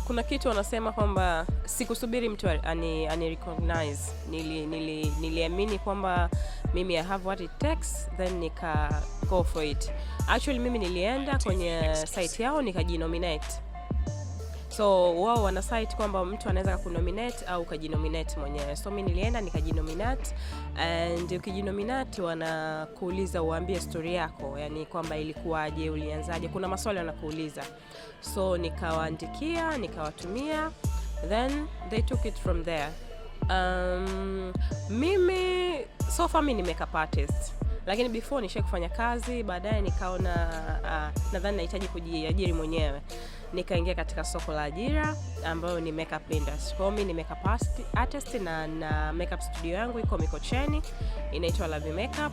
kuna kitu wanasema kwamba sikusubiri mtu ani, ani recognize nili, nili, niliamini kwamba mimi I have what it takes then nika go for it. Actually mimi nilienda kwenye site yao nikajinominate so wao wana site kwamba mtu anaweza kunominate au ukajinominate mwenyewe. So mimi nilienda nikajinominate, and ukijinominate wanakuuliza uambie story yako, yani kwamba ilikuwaje, ulianzaje. Kuna maswali wanakuuliza, so nikawaandikia, nikawatumia, then they took it from there. Um, mimi so far mimi ni makeup artist lakini before nishai kufanya kazi, baadaye nikaona uh, nadhani nahitaji kujiajiri mwenyewe, nikaingia katika soko la ajira ambayo ni makeup industry. ni makeup artist na, na makeup studio yangu iko Mikocheni inaitwa Love Makeup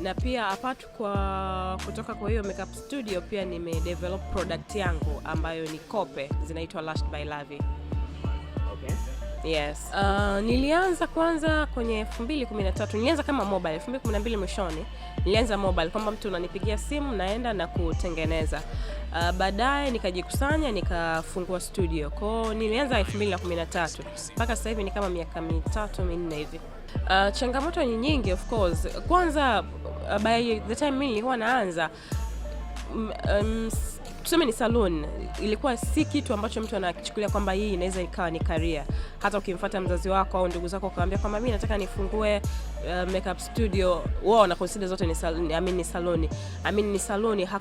na pia apart kwa kutoka kwa hiyo makeup studio pia nimedevelop product yangu ambayo ni kope zinaitwa Lashed by Lavi. Okay. Yes. Uh, nilianza kwanza kwenye 2013 nilianza kama mobile 2012 mwishoni nilianza mobile kwamba mtu unanipigia simu naenda na kutengeneza. Uh, baadaye nikajikusanya nikafungua studio. Kwao nilianza 2013 mpaka sasa hivi ni kama miaka mitatu minne hivi. Uh, changamoto ni nyingi of course. Kwanza uh, by the time mimi nilikuwa naanza um, tuseme ni salon, ilikuwa si kitu ambacho mtu anachukulia kwamba hii inaweza ikawa ni karia Hata ukimfata mzazi wako au ndugu zako ukawambia kwamba mi nataka nifungue uh, makeup studio, wao wana consider zote ni salon, I ni saloni I ni salon, ha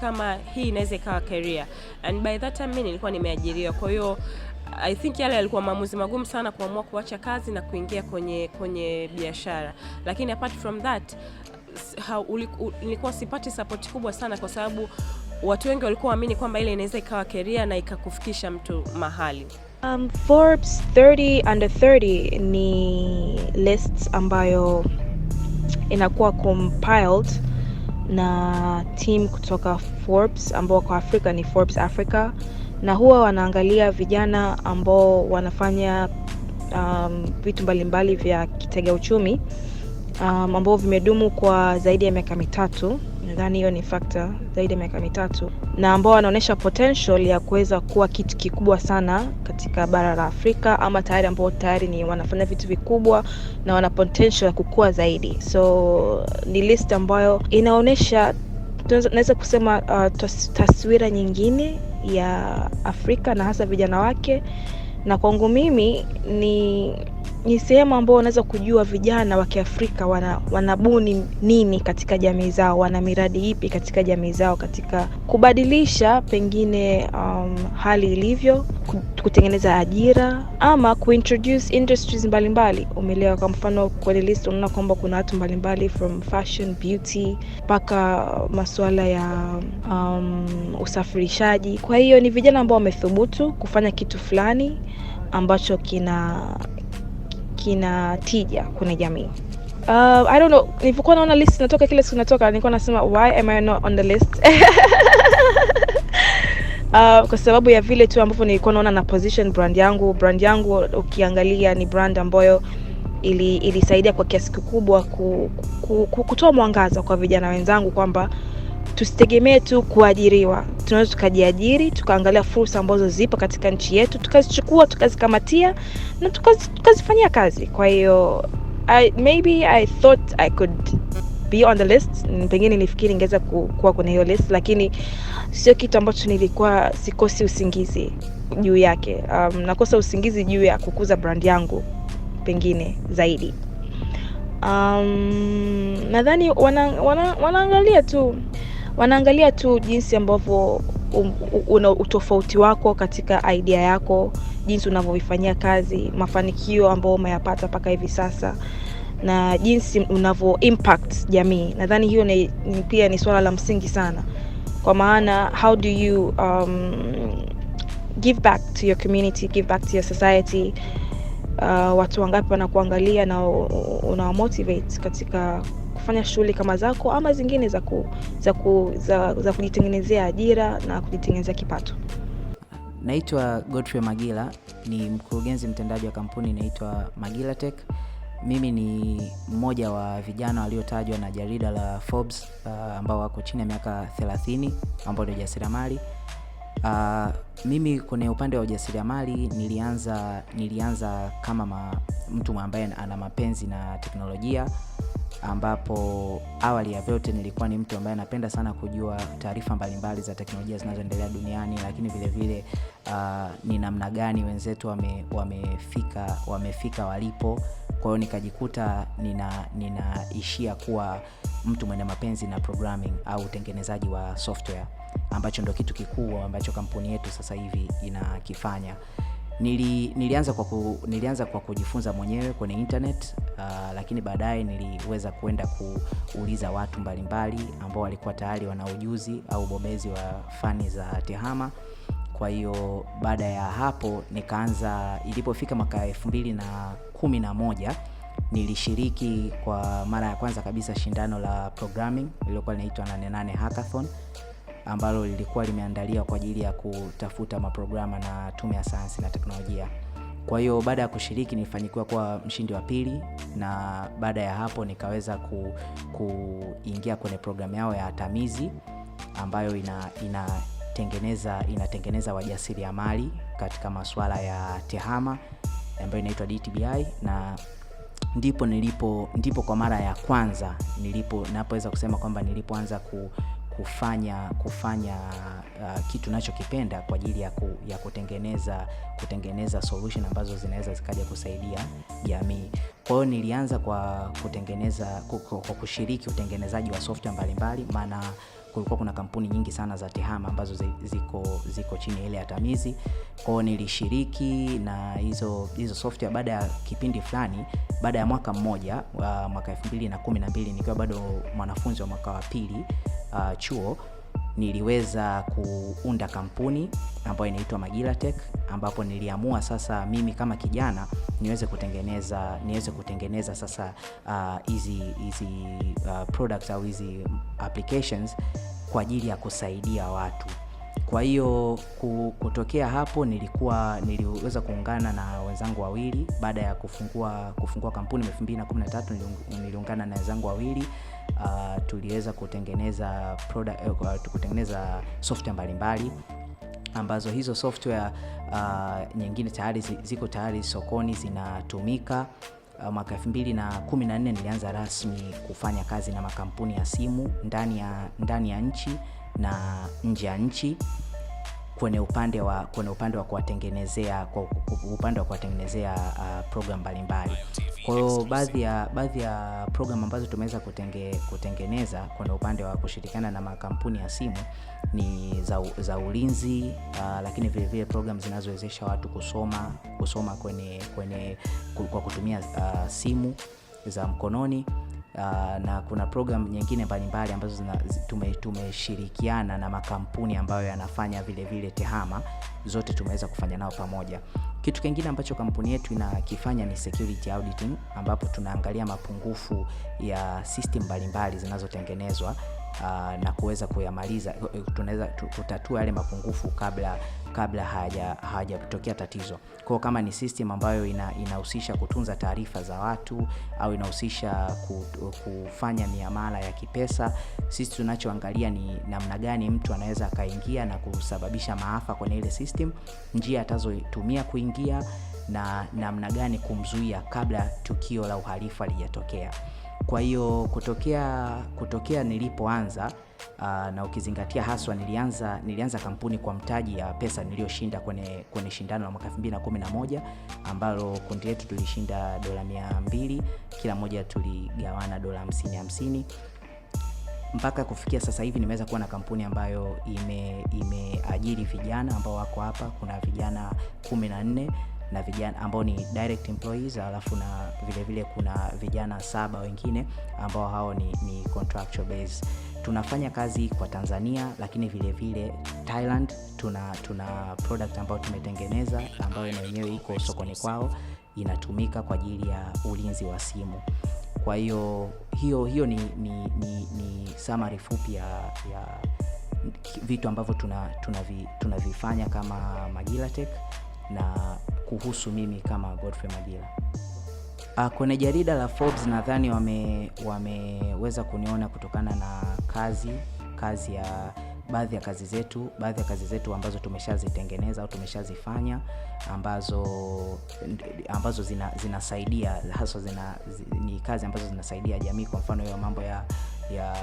kama hii inaweza ikawa karia and by that time mi nilikuwa nimeajiriwa, kwa hiyo I think yale yalikuwa maamuzi magumu sana kuamua kuacha kazi na kuingia kwenye kwenye biashara, lakini apart from that nilikuwa sipati sapoti kubwa sana kwa sababu watu wengi walikuwa waamini kwamba ile inaweza ikawa keria na ikakufikisha mtu mahali. Um, Forbes 30 under 30 ni lists ambayo inakuwa compiled na team kutoka Forbes ambao kwa Afrika ni Forbes Africa, na huwa wanaangalia vijana ambao wanafanya um, vitu mbalimbali vya kitega uchumi um, ambao vimedumu kwa zaidi ya miaka mitatu nadhani hiyo ni fakta zaidi ya miaka mitatu, na ambao wanaonyesha potential ya kuweza kuwa kitu kikubwa sana katika bara la Afrika, ama tayari ambao tayari ni wanafanya vitu vikubwa na wana potential ya kukua zaidi. So ni list ambayo inaonyesha naweza kusema uh, tos, taswira nyingine ya Afrika na hasa vijana wake, na kwangu mimi ni ni sehemu ambayo unaweza kujua vijana wa Kiafrika wana, wanabuni nini katika jamii zao, wana miradi ipi katika jamii zao, katika kubadilisha pengine um, hali ilivyo, kutengeneza ajira ama kuintroduce industries mbalimbali. Umeelewa? Kwa mfano kwenye list unaona kwamba kuna watu mbalimbali from fashion, beauty mpaka masuala ya um, usafirishaji. Kwa hiyo ni vijana ambao wamethubutu kufanya kitu fulani ambacho kina kina tija kwenye jamii. Uh, I don't know, nilipokuwa naona list natoka kile siku natoka, nilikuwa nasema why am I not on the list? Uh, kwa sababu ya vile tu ambavyo nilikuwa naona na position brand yangu. Brand yangu ukiangalia ni brand ambayo ili ilisaidia kwa kiasi kikubwa ku, ku, ku, kutoa mwangaza kwa vijana wenzangu kwamba tusitegemee tu kuajiriwa, tunaweza tukajiajiri, tukaangalia fursa ambazo zipo katika nchi yetu, tukazichukua, tukazikamatia na tukazifanyia kazi. Kwa hiyo maybe I thought I could be on the list, pengine nilifikiri ingeweza kuwa kwenye hiyo list, lakini sio kitu ambacho nilikuwa sikosi usingizi juu yake. Um, nakosa usingizi juu ya kukuza brand yangu pengine zaidi. Um, nadhani wana, wana, wanaangalia tu wanaangalia tu jinsi ambavyo um, una utofauti wako katika idea yako, jinsi unavyoifanyia kazi, mafanikio ambayo umeyapata mpaka hivi sasa na jinsi unavyo impact jamii. Nadhani hiyo ni, ni pia ni swala la msingi sana, kwa maana how do you um, give back to your community, give back to your society. Uh, watu wangapi wanakuangalia na unawamotivate katika kufanya shughuli kama zako ama zingine za, ku, za, ku, za, za kujitengenezea ajira na kujitengenezea kipato. Naitwa Godfrey Magila, ni mkurugenzi mtendaji wa kampuni inaitwa Magila Tech. Mimi ni mmoja wa vijana waliotajwa na jarida la Forbes uh, ambao wako chini ya miaka 30 ambao ni ujasiriamali. Uh, mimi kwenye upande wa ujasiriamali nilianza nilianza kama ma, mtu ambaye ana mapenzi na teknolojia ambapo awali ya vyote nilikuwa ni mtu ambaye anapenda sana kujua taarifa mbalimbali za teknolojia zinazoendelea duniani, lakini vilevile uh, ah, ni namna gani wenzetu wame, wamefika, wamefika walipo. Kwa hiyo nikajikuta nina ninaishia kuwa mtu mwenye mapenzi na programming au utengenezaji wa software ambacho ndo kitu kikubwa ambacho kampuni yetu sasa hivi inakifanya. Nili, nilianza, kwa ku, nilianza kwa kujifunza mwenyewe kwenye internet uh, lakini baadaye niliweza kuenda kuuliza watu mbalimbali ambao walikuwa tayari wana ujuzi au bobezi wa fani za tehama. Kwa hiyo baada ya hapo nikaanza, ilipofika mwaka elfu mbili na kumi na moja nilishiriki kwa mara ya kwanza kabisa shindano la programming lililokuwa linaitwa Nane Nane Hackathon ambalo lilikuwa limeandaliwa kwa ajili ya kutafuta maprograma na Tume ya Sayansi na Teknolojia. Kwa hiyo baada ya kushiriki nifanyikiwa kuwa mshindi wa pili, na baada ya hapo nikaweza ku, kuingia kwenye programu yao ya tamizi ambayo ina, inatengeneza wajasiriamali katika masuala ya tehama ambayo inaitwa DTBI na ndipo nilipo ndipo kwa mara ya kwanza nilipo napoweza kusema kwamba nilipoanza ku kufanya, kufanya uh, kitu nachokipenda kwa ajili ya, ku, ya kutengeneza, kutengeneza solution ambazo zinaweza zikaja kusaidia jamii. Kwa hiyo nilianza kwa kutengeneza, kwa kushiriki utengenezaji wa software mbalimbali maana kulikuwa kuna kampuni nyingi sana za tehama ambazo ziko, ziko chini ile ya tamizi kwao. Nilishiriki na hizo hizo software baada ya kipindi fulani, baada ya mwaka mmoja wa mwaka 2012 nikiwa bado mwanafunzi wa mwaka wa pili uh, chuo niliweza kuunda kampuni ambayo inaitwa Magila ambapo niliamua sasa mimi kama kijana niweze kutengeneza niweze kutengeneza sasa uh, hizi uh, hizi uh, products au hizi applications kwa ajili ya kusaidia watu. Kwa hiyo kutokea hapo nilikuwa niliweza kuungana na wenzangu wawili baada ya kufungua kufungua kampuni 2013 niliungana na wenzangu wawili uh, tuliweza kutengeneza product, uh, kutengeneza software mbalimbali ambazo hizo software uh, nyingine tayari ziko tayari sokoni zinatumika. Uh, mwaka 2014 nilianza rasmi kufanya kazi na makampuni ya simu ndani ya ndani ya nchi na nje ya nchi kwenye upande wa kwenye upande wa kuwatengenezea kwa upande wa kuwatengenezea uh, program mbalimbali. Kwa hiyo baadhi ya baadhi ya program ambazo tumeweza kutenge, kutengeneza kwenye upande wa kushirikiana na makampuni ya simu ni za, za ulinzi uh, lakini vile vile program zinazowezesha watu kusoma kusoma kwenye, kwenye kwa kutumia uh, simu za mkononi uh, na kuna program nyingine mbalimbali ambazo tumeshirikiana tume na makampuni ambayo yanafanya vile vile tehama, zote tumeweza kufanya nao pamoja. Kitu kingine ambacho kampuni yetu inakifanya ni security auditing, ambapo tunaangalia mapungufu ya system mbalimbali zinazotengenezwa uh, na kuweza kuyamaliza, tunaweza kutatua yale mapungufu kabla kabla hajatokea tatizo. Kwa kama ni system ambayo inahusisha ina kutunza taarifa za watu au inahusisha kufanya miamala ya kipesa, sisi tunachoangalia ni namna gani mtu anaweza akaingia na kusababisha maafa kwenye ile system, njia atazotumia kuingia na namna gani kumzuia kabla tukio la uhalifu halijatokea. Kwa hiyo kutokea, kutokea nilipoanza uh, na ukizingatia haswa nilianza, nilianza kampuni kwa mtaji ya pesa niliyoshinda kwenye, kwenye shindano la mwaka 211 ambalo kundi letu tulishinda dola 20 kila moja tuligawana dola 50 50 mpaka kufikia sasa hivi nimeweza kuwa na kampuni ambayo imeajiri ime vijana ambao wako hapa. Kuna vijana kumi na nne na vijana ambao ni direct employees, alafu na vile vile kuna vijana saba wengine ambao hao ni, ni contractual base. Tunafanya kazi kwa Tanzania lakini vile vile Thailand tuna, tuna product ambayo tumetengeneza ambayo na wenyewe iko sokoni kwao inatumika kwa ajili ya ulinzi wa simu. Kwa hiyo hiyo hiyo ni, ni, ni, ni summary fupi ya, ya vitu ambavyo tunavifanya tuna vi, tuna kama Magila na kuhusu mimi kama Godfrey Magila. Ah, kwenye jarida la Forbes nadhani wameweza wame kuniona kutokana na kazi kazi ya baadhi ya kazi zetu baadhi ya kazi zetu ambazo tumeshazitengeneza au tumeshazifanya ambazo ambazo zinasaidia zina haswa zina, zi, ni kazi ambazo zinasaidia jamii, kwa mfano hiyo mambo ya ya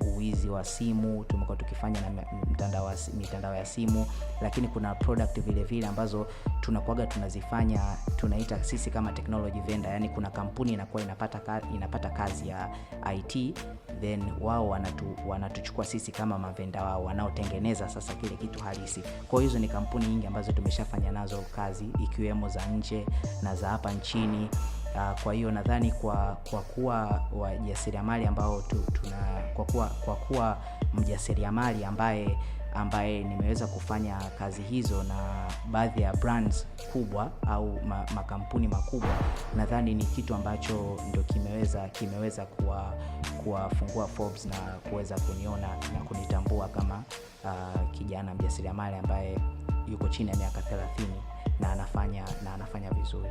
uwizi wa simu tumekuwa tukifanya na mtandao mitandao ya simu, lakini kuna product vile vile ambazo tunakuaga tunazifanya tunaita sisi kama technology vendor, yani kuna kampuni inakuwa inapata kazi, inapata kazi ya IT then wao wanatu, wanatuchukua sisi kama mavenda wao wanaotengeneza sasa kile kitu halisi. Kwa hizo ni kampuni nyingi ambazo tumeshafanya nazo kazi ikiwemo za nje na za hapa nchini. Ah, kwa hiyo nadhani kwa kwa kuwa wajasiriamali ambao tu, tuna kwa kuwa, kwa kuwa mjasiriamali ambaye ambaye nimeweza kufanya kazi hizo na baadhi ya brands kubwa au ma, makampuni makubwa, nadhani ni kitu ambacho ndio kimeweza kimeweza kuwafungua Forbes na kuweza kuniona na kunitambua kama uh, kijana mjasiriamali ambaye yuko chini ya miaka 30 na anafanya na anafanya vizuri.